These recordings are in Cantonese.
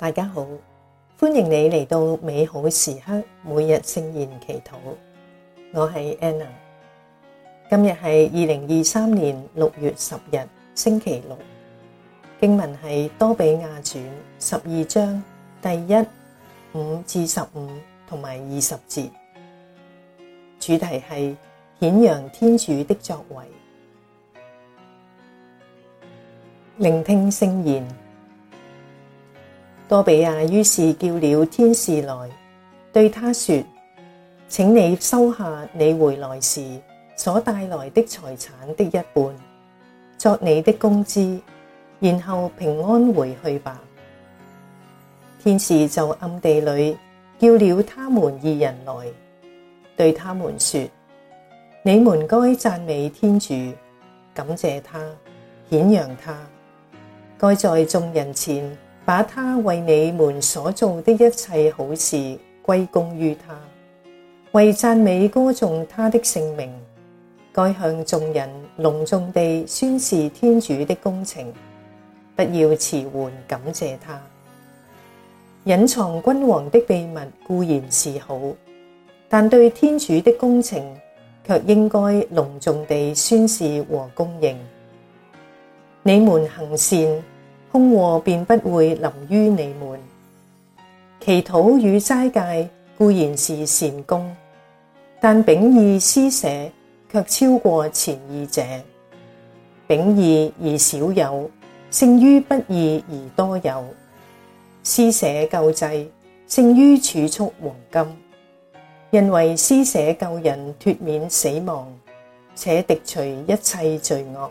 大家好，歡迎你嚟到美好時刻每日聖言祈禱，我係 Anna。今日係二零二三年六月十日星期六，經文係多俾亞傳十二章第一、五至十五同埋二十節，主題係顯揚天主的作為，聆聽聖言。多俾亞於是叫了天使來，對他說：請你收下你回來時所帶來的財產的一半，作你的工資，然後平安回去吧。天使就暗地裡叫了他們二人來，對他們說：你們該讚美天主，感謝他，顯揚他，該在眾人前。把他為你們所做的一切好事歸功於他，為讚美歌頌他的聖名，該向眾人隆重地宣示天主的工程，不要遲緩感謝他。隱藏君王的秘密固然是好，但對天主的工程卻應該隆重地宣示和公認。你們行善。凶禍便不會臨於你們。祈禱與齋戒固然是善功，但秉義施捨卻超過前二者。秉義而少有，勝於不義而多有；施捨救濟，勝於儲蓄黃金。因為施捨救人脫免死亡，且滌除一切罪惡。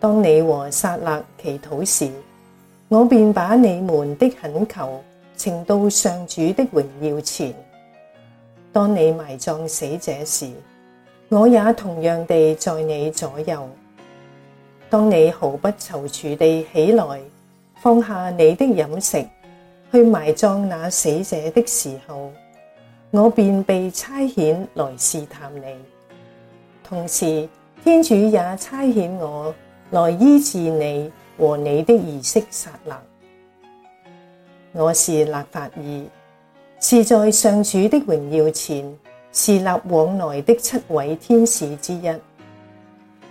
當你和撒辣祈禱時，我便把你們的懇求呈到上主的榮耀前。當你埋葬死者時，我也同樣地在你左右。當你毫不躊躇地起來，放下你的飲食，去埋葬那死者的時候，我便被差遣來試探你。同時，天主也差遣我，來醫治你和你的兒媳撒辣，我是辣法耳，是在上主的榮耀前，侍立往來的七位天使之一。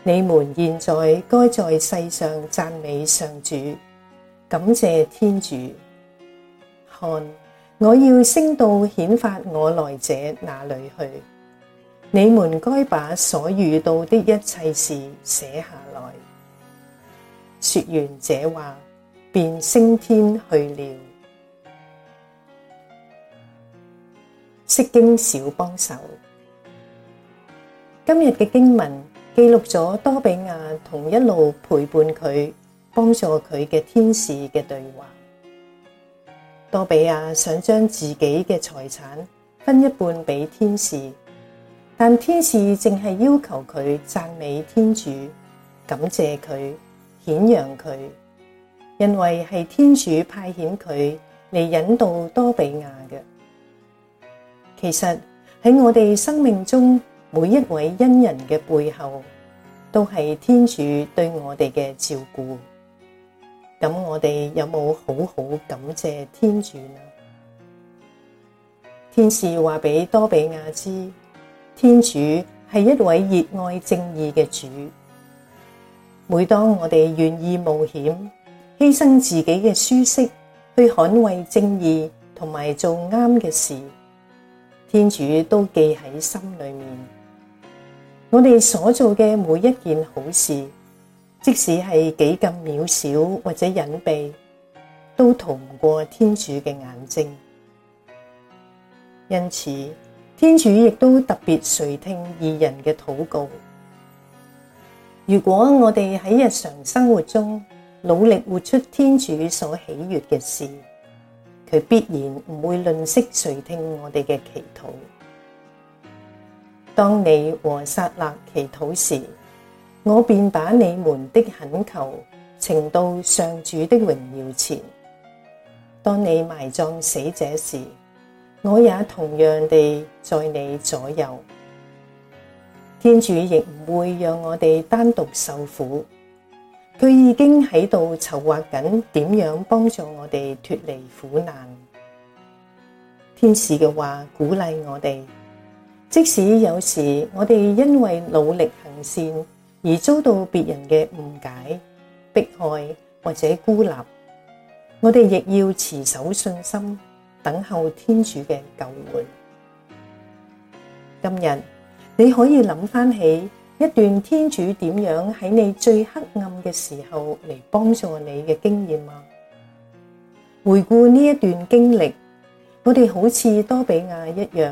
你們現在該在世上讚美上主，感謝天主。看，我要升到遣發我來者那裏去。你們該把所遇到的一切事寫下。說完這話，便升天去了。釋經小幫手，今日嘅經文記錄咗多俾亞同一路陪伴佢、幫助佢嘅天使嘅對話。多俾亞想將自己嘅財產分一半俾天使，但天使淨係要求佢讚美天主，感謝佢。顯揚佢，因為係天主派遣佢嚟引導多俾亞嘅。其實喺我哋生命中每一位恩人嘅背後，都係天主對我哋嘅照顧。咁我哋有冇好好感謝天主呢？天使話俾多俾亞知，天主係一位熱愛正義嘅主。每當我哋願意冒險、犧牲自己嘅舒適，去捍衛正義同埋做啱嘅事，天主都記喺心裏面。我哋所做嘅每一件好事，即使係幾咁渺小或者隱秘，都逃唔過天主嘅眼睛。因此，天主亦都特別垂聽義人嘅禱告。如果我哋喺日常生活中努力活出天主所喜悅嘅事，佢必然唔會吝嗇垂聽我哋嘅祈禱。當你和撒辣祈禱時，我便把你們的懇求呈到上主的榮耀前。當你埋葬死者時，我也同樣地在你左右。天主亦唔會讓我哋單獨受苦，佢已經喺度籌劃緊點樣幫助我哋脫離苦難。天使嘅話鼓勵我哋，即使有時我哋因為努力行善而遭到別人嘅誤解、迫害或者孤立，我哋亦要持守信心，等候天主嘅救援。今日，你可以諗翻起一段天主點樣喺你最黑暗嘅時候嚟幫助你嘅經驗嗎？回顧呢一段經歷，我哋好似多俾亞一樣，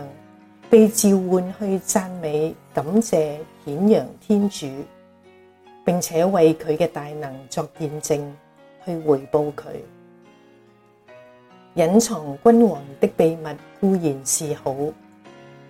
被召喚去讚美、感謝、顯揚天主，並且為佢嘅大能作見證，去回報佢。隱藏君王的秘密固然是好。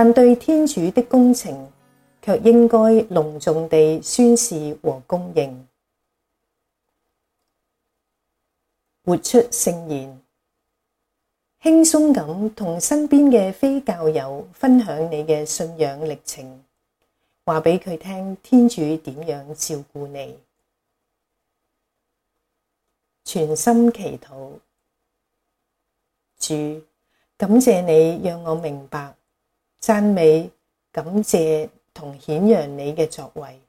但對天主的工程，卻應該隆重地宣示和公認。活出聖言。輕鬆咁同身邊嘅非教友分享你嘅信仰歷程，話俾佢聽天主點樣照顧你，全心祈禱。主，感謝你讓我明白。讚美、感謝同顯揚你嘅作為，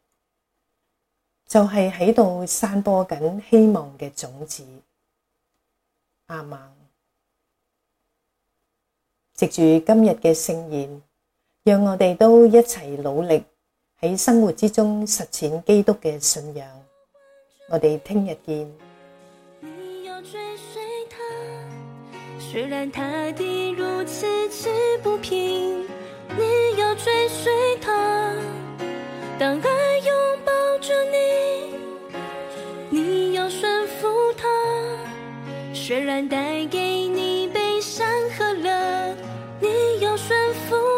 就係喺度散播緊希望嘅種子。阿們，藉住今日嘅聖言，讓我哋都一齊努力喺生活之中實踐基督嘅信仰。我哋聽日見。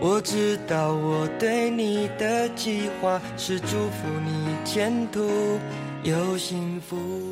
我知道我對你的計劃是祝福你前途有幸福。